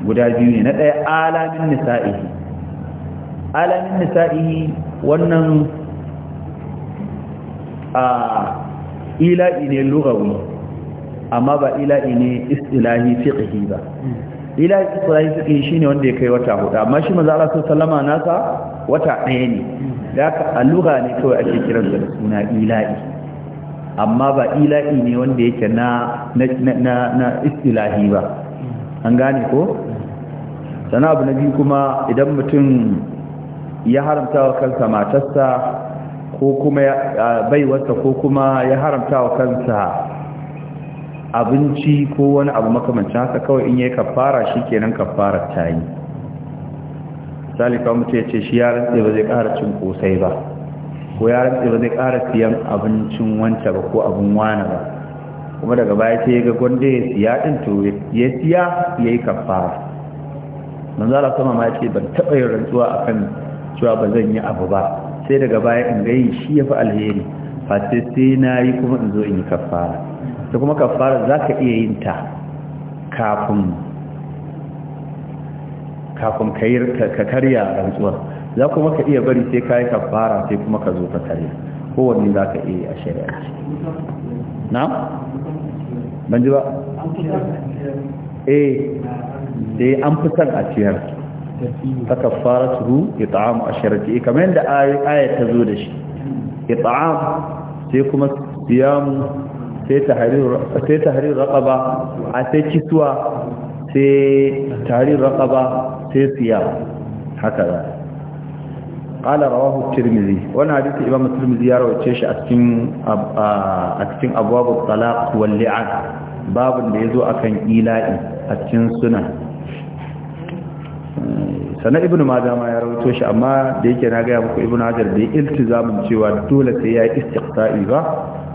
guda biyu ne na ɗaya alamin nisa'ihi alamin nisa'ihi wannan a ila'i ne lugawi amma ba ila'i ne istilahi fiqhi ba mm. ila'i istilahi fiqhi shine wanda ya kai wata hudu amma shi manzo Allah sallama nasa wata ɗaya ne mm. da ka a lugha ne kawai ake kiransa da suna ila'i amma ba ila'i ne wanda yake na na istilahi ba an gane ko sana abu na biyu kuma idan mutum ya haramta wa kansa matarsa ko kuma baiwarsa ko kuma ya haramta wa kansa abinci ko wani abu makamancin haka kawai in yi kafara shi kenan kafarar ta yi misali kawai ya ce shi ya rantse ba zai ƙara cin kosai ba ko ya rantse ba zai kara siyan abincin wanta ba ko abin wana ba kuma daga baya sai ga gwanda ya siya din to ya siya ya yi kafara manzo Allah sama ma ce ban taɓa yin rantsuwa akan cewa ba zan yi abu ba sai daga baya in ga shi ya fi alheri ba sai sai na yi kuma in zo in yi kafara ta kuma kafara za ka iya yin ta kafin kafin ka karya rantsuwar za kuma ka iya bari sai ka yi sai kuma ka zo ka kare kowanne za ka iya a shari'a na? ban ji ba? eh dai an fi son a ciyar ta kafara su ru ya ta'amu a shari'a kamar yadda ayat ta zo da shi ya ta'am sai kuma siyamu sai tahrir raqaba a sai kisuwa sai tahrir ba sai siya haka za qala rawahu tirmidhi wannan hadisi imam tirmidhi ya rawace shi a cikin a cikin abwabut talaq wal li'an babun da yazo akan ila'i a cikin sunan sana ibn majah ma ya rawato shi amma da yake na ga muku ibn hajar da iltizamin cewa dole sai ya istiqsa'i ba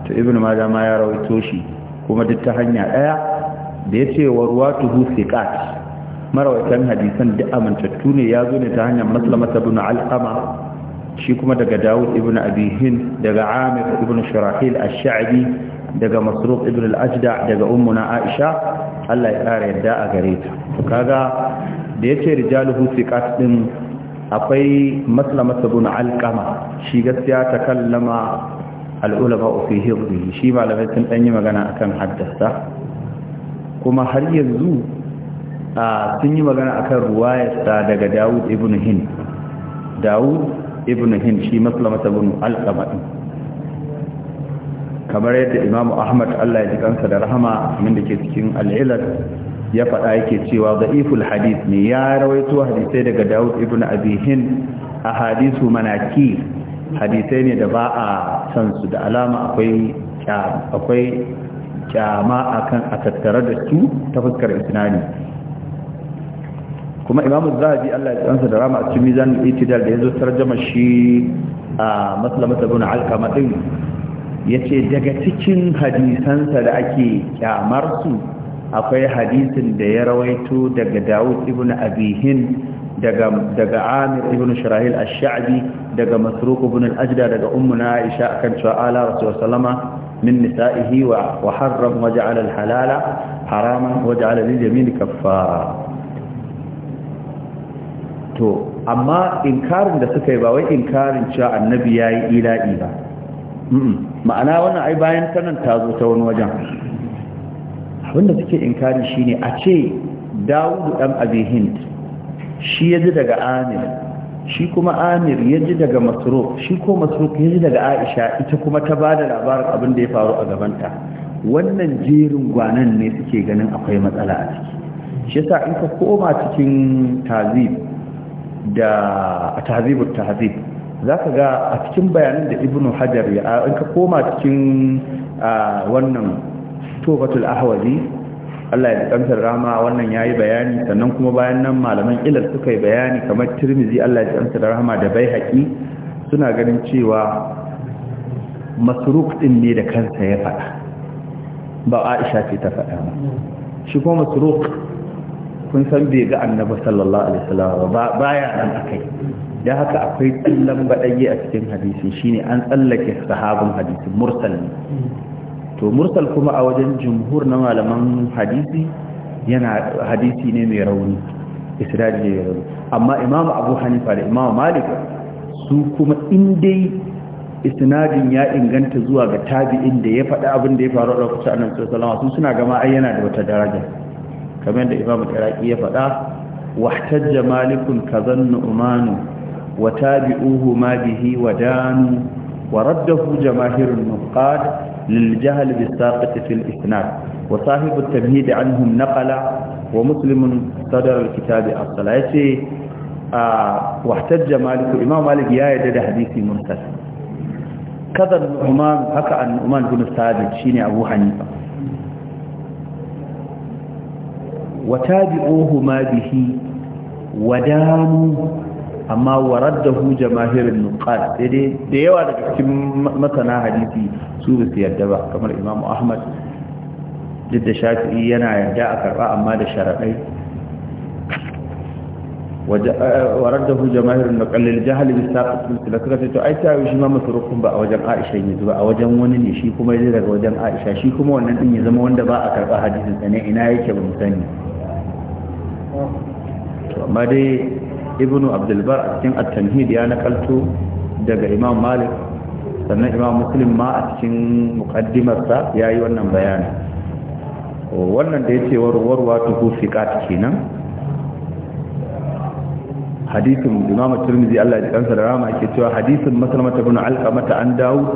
to ibn majah ma ya rawato shi kuma duk ta hanya daya da yace wa ruwatuhu thiqat marawatan hadisan duk amintattu ne ya zo ne ta hanyar maslamata bin al'ama shi kuma daga dawud ibn abihin daga amir ibn shirahil ash-sha'bi daga masruq ibn al-ajda daga ummuna aisha Allah ya kare yadda a gare ta to kaga da yace rijaluhu siqat din akwai maslamat bin alqama shi gaskiya ta kallama al-ulama fi hifdhi shi malamai sun dan yi magana akan haddasa kuma har yanzu sun yi magana akan ruwayarsa daga Dawud ibn hin Dawud ibn hin shi maslamata bin al kamar yadda Imam Ahmad Allah ya ji kansa da rahama min da ke cikin al'ilar ya faɗa yake cewa da'iful hadith ne ya rawaito hadisai daga Dawud ibn Abi hin a hadisu manaki hadisai ne da ba a san su da alama akwai akwai kyama akan a tattare da su ta fuskar isnani kuma imam zahabi Allah ya tsansa da rama a cikin mizan itidal da yazo tarjama shi a maslamata bin alqama din yace daga cikin hadisansa da ake kyamar su akwai hadisin da ya rawaito daga Dawud ibn Abihin daga daga Amir ibn Shirahil ash-Sha'bi daga Masruq ibn al-Ajda daga ummuna Aisha kan cewa ala Rasulullah sallama min nisa'ihi wa harram waja'ala al-halala haraman waja'ala lil-yamin kaffara to amma inkarin da suka yi ba wai inkarin cewa annabi ya yi ila'i ba ma'ana wannan ai bayan sanan ta zo ta wani wajen abinda suke inkari shine a ce dawudu dan abi hind shi ya ji daga amir shi kuma amir ya ji daga masro shi ko masro ya ji daga aisha ita kuma ta ba da labarin abin da ya faru a gabanta wannan jerin gwanan ne suke ganin akwai matsala a ciki shi yasa in ka koma cikin tazib da tahzibut tahzib zaka ga a cikin bayanan da ibnu hajar ya in ka koma cikin wannan tubatul ahwazi Allah ya tsantar rahama wannan yayi bayani sannan kuma bayan nan malaman ilal suka yi bayani kamar tirmizi Allah ya tsantar rahama da Baihaqi suna ganin cewa masruk din ne da kansa ya faɗa ba Aisha ce ta faɗa shi kuma masruk kun san bai ga annabi sallallahu alaihi wasallam ba baya nan akai dan haka akwai tsallan badaye a cikin hadisi shine an tsallake sahabin hadisi mursal ne to mursal kuma a wajen jumhur na malaman hadisi yana hadisi ne mai rauni isradi ne mai rauni amma imamu abu hanifa da imamu malik su kuma in dai isnadin ya inganta zuwa ga tabi'in da ya faɗi abin da ya faru a lokacin annabi sallallahu alaihi wasallam su suna gama ai yana da wata daraja kamar da imam al-iraqi ya faɗa wahtajja malikun kazan nu'manu wa tabi'uhu ma bihi wa danu wa raddahu jamaahirun nuqad lil jahl bi saqit fil isnad wa sahibu at-tamhid anhum naqala wa muslimun sadar al-kitab as-sala yace wahtajja maliku imam malik ya yadda da hadisi mursal kazan nu'man haka an nu'man bin sabit shine abu hanifa wa tabi'uhuma bihi wadanu amma waraddahu jamaahirin nuqat dai da yawa daga cikin masana hadisi su ba su yarda ba kamar imamu ahmad duk da shafi'i yana yarda a karba amma da sharadai waraddahu jamaahirin nuqat lil jahl bi saqat silsilatu to ai ta shi ma masrukun ba a wajen aisha ne ba a wajen wani ne shi kuma yaje daga wajen aisha shi kuma wannan din ya zama wanda ba a karba hadisin sa ina yake ba amma dai ibnu abdulbar a cikin at-tanhid ya nakalto daga imam malik sannan imam muslim ma a cikin muqaddimarsa ya yi wannan bayani wannan da ya ce warwarwa tuhu fiqat kenan hadisin imam tirmidhi Allah ya kansa da rama yake cewa hadisin masalmata ibn alqamata an dawud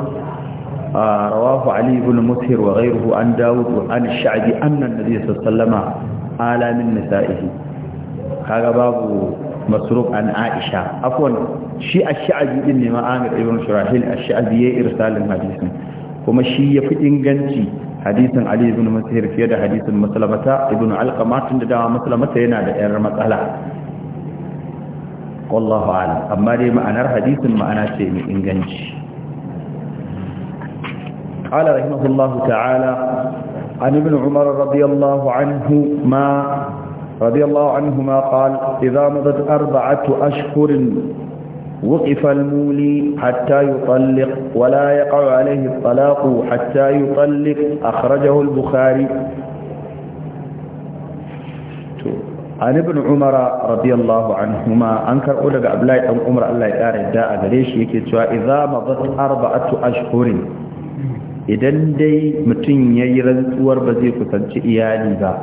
rawahu ali ibn muthir wa ghayruhu an dawo an sha'bi anna an-nabiy sallallahu alaihi wasallam ala min nisa'ihi kaga babu masruf an aisha afwan shi ash-sha'bi din ne ma'amir ibn shurahil ash-sha'bi ya irsalin hadisin kuma shi ya fi inganci hadisin ali ibn masir fiye da hadisin maslamata ibn alqama tun da dama maslamata yana da yar matsala wallahu a'lam amma dai ma'anar hadisin ma'ana ce mai inganci قال رحمه الله تعالى عن ابن عمر رضي الله عنه ما رضي الله عنهما قال إذا مضت أربعة أشهر وقف المولي حتى يطلق ولا يقع عليه الطلاق حتى يطلق أخرجه البخاري عن ابن عمر رضي الله عنهما أنكر أولد أبلاي أم عمر الله يقار الداء غريش يكتوى إذا مضت أربعة أشهر إذن دي متن يرزور بزيك تنشئ يالي ذا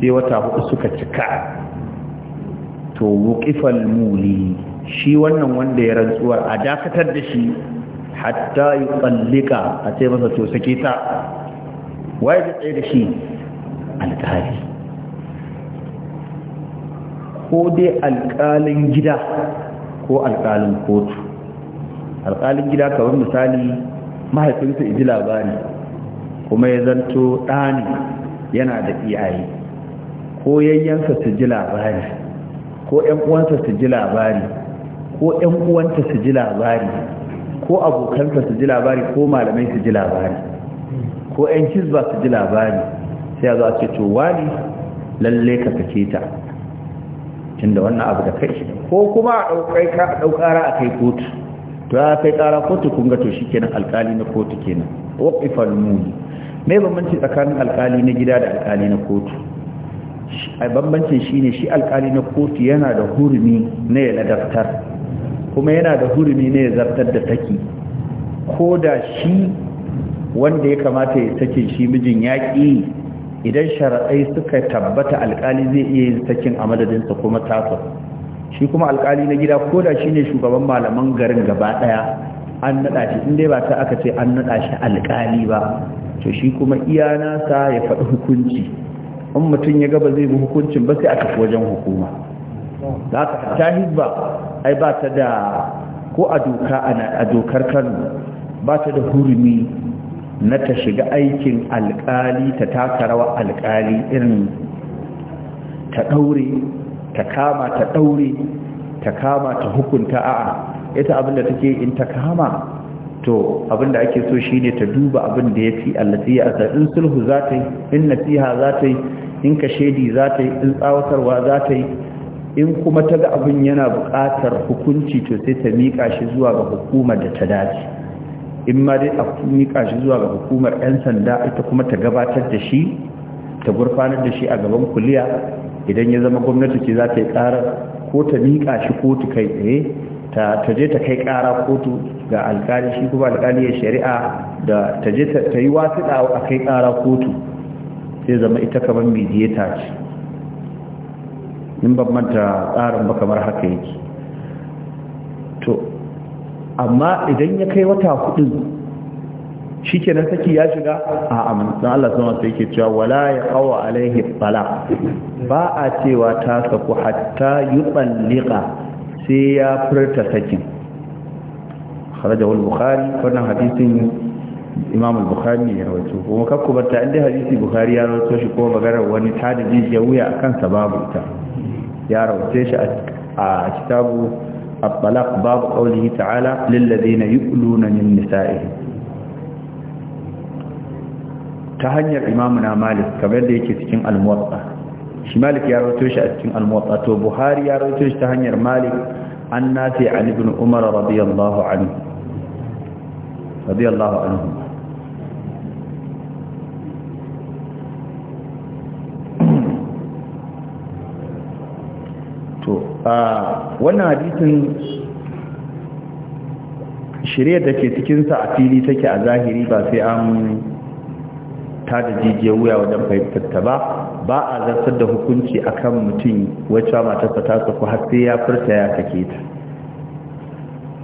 sai wata hudu suka cika to wuqifal muli shi wannan wanda ya rantsuwar a dakatar da shi hatta yi tsallika a ce masa to sake ta waye da tsaye da shi alƙali ko dai alƙalin gida ko alƙalin kotu alƙalin gida kamar misali mahaifinsa iji labari kuma ya zanto ɗani yana da iyaye ko yayyansa su ji labari ko ƴan uwansa su ji labari ko ƴan uwanta su ji labari ko abokansa su ji labari ko malamai su ji labari ko ƴan hizba su ji labari sai za ce to wani lalle ka fice ta tunda wannan abu da kai ko kuma a ɗaukai ka a ɗaukara a kai kotu to ya kai ƙara kotu kun ga to shi kenan alƙali na kotu kenan waƙifar muni mai bambanci tsakanin alkali na gida da alkali na kotu a bambancin shi ne shi alkali na kotu yana da hurumi na ya ladaftar kuma yana da hurumi na ya zartar da taki. ko da shi wanda ya kamata ya sakin shi mijin yaƙi idan shara'ai suka tabbata alkali zai iya yin sakin a madadinsa kuma tasa shi kuma alkali na gida ko da shi ne shugaban malaman garin gaba ɗaya an naɗa shi inda ba ta aka ce an naɗa shi alƙali ba to shi kuma iya nasa ya faɗi hukunci in mutum ya gaba zai bi hukuncin ba sai aka wajen hukuma za ka ta ba ai ba ta da ko a doka a dokar kano ba ta da hurumi na ta shiga aikin alƙali ta taka rawa alƙali irin ta ɗaure ta kama ta ɗaure ta kama ta hukunta a'a ita abin da take in ta kama to abin da ake so shine ta duba abin da yafi allati ya asar in sulhu za ta yi in nasiha za ta yi in kashedi za ta yi in tsawatarwa za ta yi in kuma ta ga abin yana buƙatar hukunci to sai ta miƙa shi zuwa ga hukumar da ta dace in ma dai a miƙa shi zuwa ga hukumar 'yan sanda ita kuma ta gabatar da shi ta gurfanar da shi a gaban kuliya idan ya zama gwamnati ce za ta yi ƙarar ko ta miƙa shi kotu kai tsaye ta je ta kai ƙara kotu ga alkali shi kuma alkali ya shari'a da ta ta yi a kai ƙara kotu sai zama ita kamar mediata ce in ban manta tsarin ba kamar haka yake to amma idan ya kai wata hudun shi ke kenan saki ya shiga a amin Allah sun sai ke cewa wala ya kawo alaihi bala ba a cewa ta saku hatta yi ɓalliƙa sai ya furta sakin kharajahu al-bukhari wannan hadisin imam al-bukhari ya rawaito kuma kakku batta inda hadisi bukhari ya rawaito shi ko magana wani tadiji ya wuya akan sababu ta ya rawaito shi a kitabu at-talaq babu qawlihi ta'ala lil ladina yu'luna min nisa'i ta hanyar na malik kamar da yake cikin al-muwatta shi malik ya rawaito shi a cikin al-muwatta to buhari ya rawaito shi ta hanyar malik an nafi an ibn umar radiyallahu anhu radiyallahu anhu to a wannan hadisin shirye da ke cikinsa a fili take a zahiri ba sai an ta da jijiyar wuya wajen fahimtar ta ba ba a zartar da hukunci akan mutum wacce matarsa ta saku har sai ya furta ya sake ta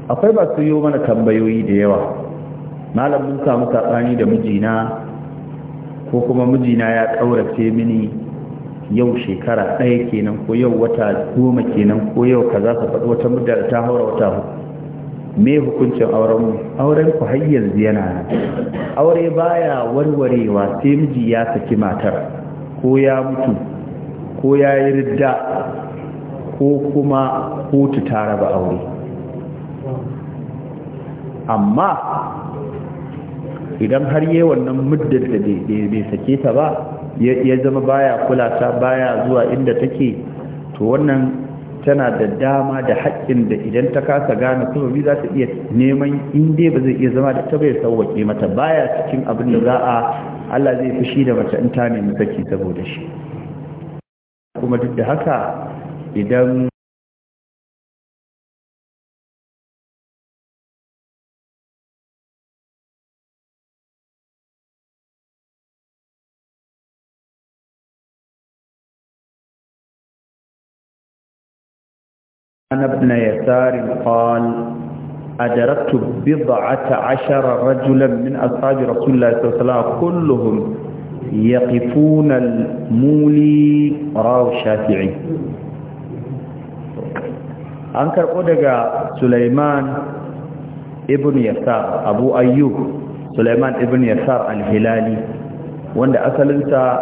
akwai ba su yi mana tambayoyi da yawa malam mun samu saɓani da mijina ko kuma mijina ya ƙaurace mini yau shekara ɗaya kenan ko yau wata goma kenan ko yau kaza ka faɗi wata muddar ta haura wata me hukuncin auren mu auren ku har yanzu yana nan aure baya warwarewa sai miji ya saki matar ko ya mutu ko ya yi ridda ko kuma hutu ta raba aure amma idan har yi wannan muddin da bai sake ta ba ya zama baya kula ta baya zuwa inda take to wannan tana da dama da haƙƙin da idan ta kasa gane sababi za ta iya neman in inda ba zai iya zama da ta bai sauwaƙe mata baya cikin abin da za a Allah zai fushi da mace in ta nemi saki saboda shi kuma duk da haka idan أنا ابن يسار قال أدركت بضعة عشر رجلا من أصحاب رسول الله صلى الله عليه وسلم كلهم يقفون المولي راو الشافعي أنكر أدقى سليمان ابن يسار أبو أيوب سليمان ابن يسار الهلالي وأن أصل أنت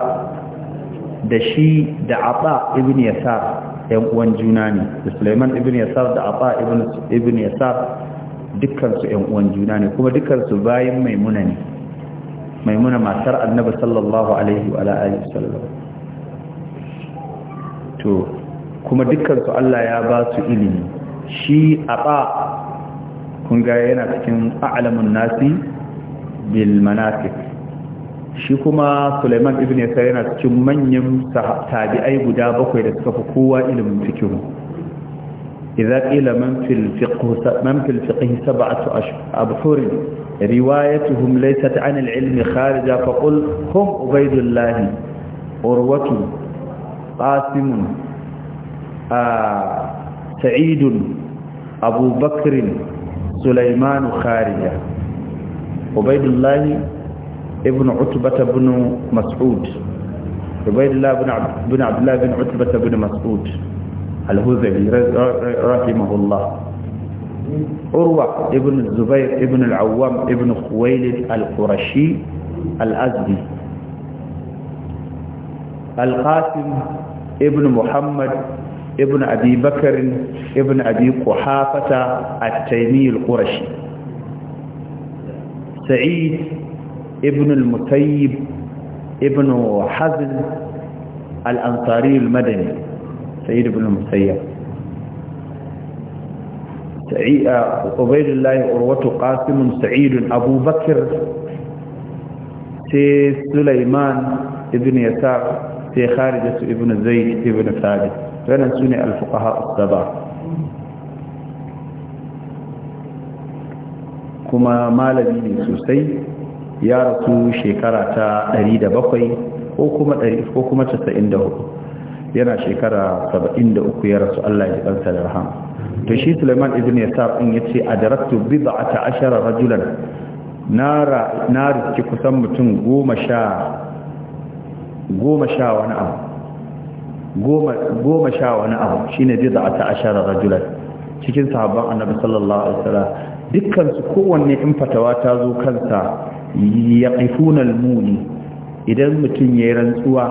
دشي دعطاء ابن يسار yan uwan juna ne da Sulaiman ibn Yasar da Afa ibn ibn Yasar dukkan yan uwan juna ne kuma dukkan bayan bayin Maimuna ne Maimuna matar Annabi sallallahu alaihi wa alihi sallam to kuma dukkan Allah ya ba su ilimi shi Afa kun ga yana cikin a'lamun nasi bil shi kuma Suleiman ibn Yasar yana cikin manyan tabi'ai guda bakwai da suka fi kowa ilimin fikihu idza qila man fil fiqh man fil fiqh sab'atu abhur riwayatuhum laysat 'an al-'ilm kharija fa qul hum ubaydullah urwatu qasim سعيد أبو بكر سليمان خارجة kharija. الله ibn utbata ibn mas'ud ubaidullah ibn abdullah ibn utbata ibn mas'ud al-huzali rahimahullah urwa ibn zubair ibn al-awwam ibn khuwailid al-qurashi al القاسم ابن محمد ابن أبي بكر ابن أبي قحافة التيمي القرشي سعيد ibn al-mutayyib al-ansari al-madani sayyid ibn al-musayyib uh, ubaidullahi urwatu qasimun sa'idun abubakar sai sulaiman ibn yasar sai kharijatu ibn zaid ibn thabit wannan sune al-fuqaha kuma malami ne sosai ya rasu shekara ta 107 ko kuma ko kuma 94 yana shekara 73 ya rasu Allah ya kansa da rahama to shi Suleiman ibn Yasar in yace adaraktu bid'ata ashara rajulan nara na riski kusan mutum 10 goma sha wani abu goma sha wani abu shi ne ashara rajular cikin sahabban annabi sallallahu alaihi wasallam kowanne in fatawa ta zo kansa yaqifuna almuni idan mutum yayi rantsuwa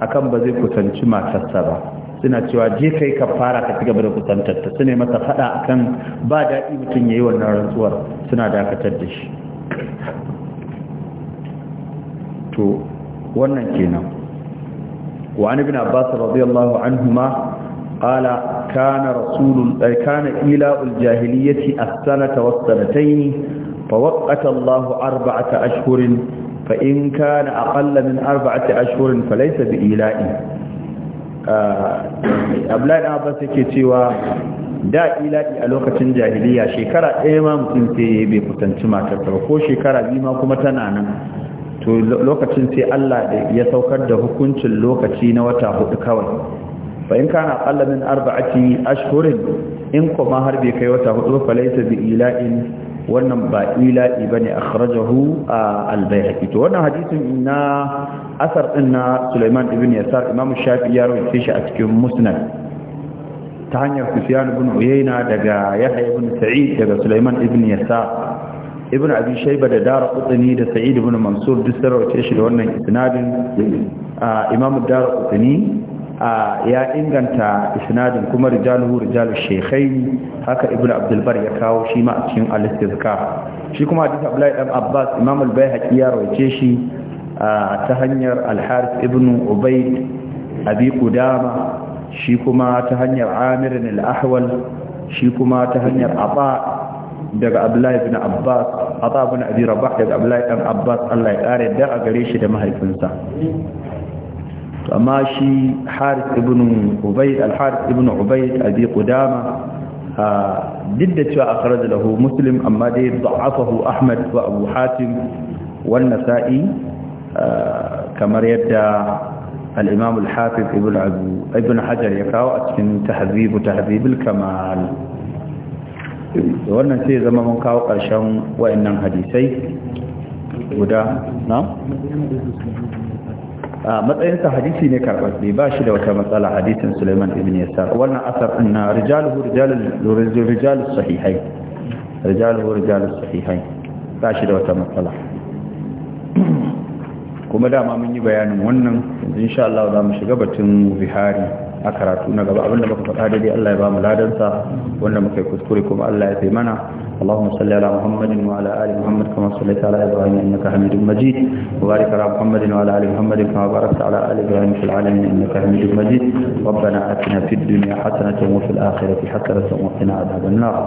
akan ba zai kusanci matarsa ba suna cewa je kai ka fara ka cigaba da kusantarta su ne masa fada akan ba daɗi mutum yi wannan rantsuwar suna dakatar da shi to wannan kenan wa bin abbas radiyallahu anhuma qala kana rasulun ay eh, kana ila'ul jahiliyyati as-sanata was-sanatayn فوقت الله أربعة أشهر فإن كان أقل من أربعة أشهر فليس بإيلاء أبلان أبس كتوى da ila'i a lokacin jahiliya shekara ɗaya ma mutum sai bai kusanci ko shekara biyu ma kuma tana nan to lokacin sai Allah ya saukar da hukuncin lokaci na wata hudu kawai fa in kana qalla min arba'ati ashhurin in kuma har bai kai wata hudu fa laysa bi ila'in wannan ba ila'i ba ne a kharajahu a albayhaki to wannan hadisin na asar ɗin na suleiman ibn yasar Imam shafi ya rawaita shi a cikin musnad ta hanyar sufyan ibn uyayna daga yahya ibn sa'id daga suleiman ibn yasar ibn abi shayba da dara qutni da sa'id ibn mansur duk sun rawaita shi da wannan isnadin imam dara qutni ya inganta isnadin kuma rijaluhu rijalu shaykhain haka ibnu abdul bar ya kawo shi ma a cikin al-istizka shi kuma hadith abdullahi dan abbas imam al haƙi ya rawaice shi ta hanyar al-harith ibn ubayd abi qudama shi kuma ta hanyar amir al-ahwal shi kuma ta hanyar aba daga abdullahi ibn abbas aba ibn abi rabah daga abdullahi dan abbas Allah ya kare da a gare shi da mahaifinsa amma shi haris ibn ubaid al ibn ubaid abi qudama duk da cewa akhraj lahu muslim amma dai da'afahu ahmad wa abu hatim wal nasa'i kamar yadda al-imam ibn hajar ya kawo a cikin tahzib tahzib al wannan sai zama mun kawo ƙarshen waɗannan hadisai guda a matsayinsa hadisi ne karɓarɓe ba shi da wata matsala hadisin suleiman ibn yasar wannan asar na rijaluhu rijalus sahihai rijaluhu rijalus sahihai ba shi da wata matsala kuma dama mun yi bayanin wannan yanzu insha Allah za mu shiga batun Bihari a karatu na gaba abinda muka faɗa dai Allah ya ba mu ladansa wanda muka yi kuskure kuma Allah ya mana اللهم صل على محمد وعلى آل محمد كما صليت على إبراهيم إنك حميد مجيد وبارك على محمد وعلى آل محمد كما باركت على آل إبراهيم في العالمين إنك حميد مجيد ربنا آتنا في الدنيا حسنة وفي الآخرة حسنة وقنا عذاب النار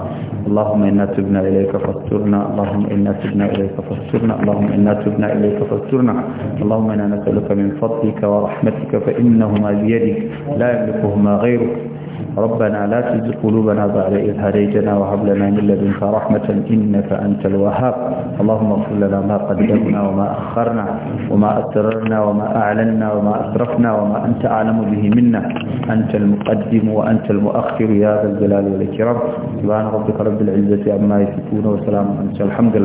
اللهم إنا تبنا إليك فاسترنا اللهم إنا تبنا إليك فاسترنا اللهم إنا تبنا إليك فاسترنا اللهم إنا نسألك من فضلك ورحمتك فإنهما بيدك لا يملكهما غيرك ربنا لا تزغ قلوبنا بعد إذ هديتنا وهب لنا من لدنك رحمة إنك أنت الوهاب اللهم اغفر لنا ما قدمنا وما أخرنا وما أسررنا وما أعلنا وما أسرفنا وما أنت أعلم به منا أنت المقدم وأنت المؤخر يا ذا الجلال والإكرام سبحان ربك رب العزة عما يصفون وسلام أنت الحمد لله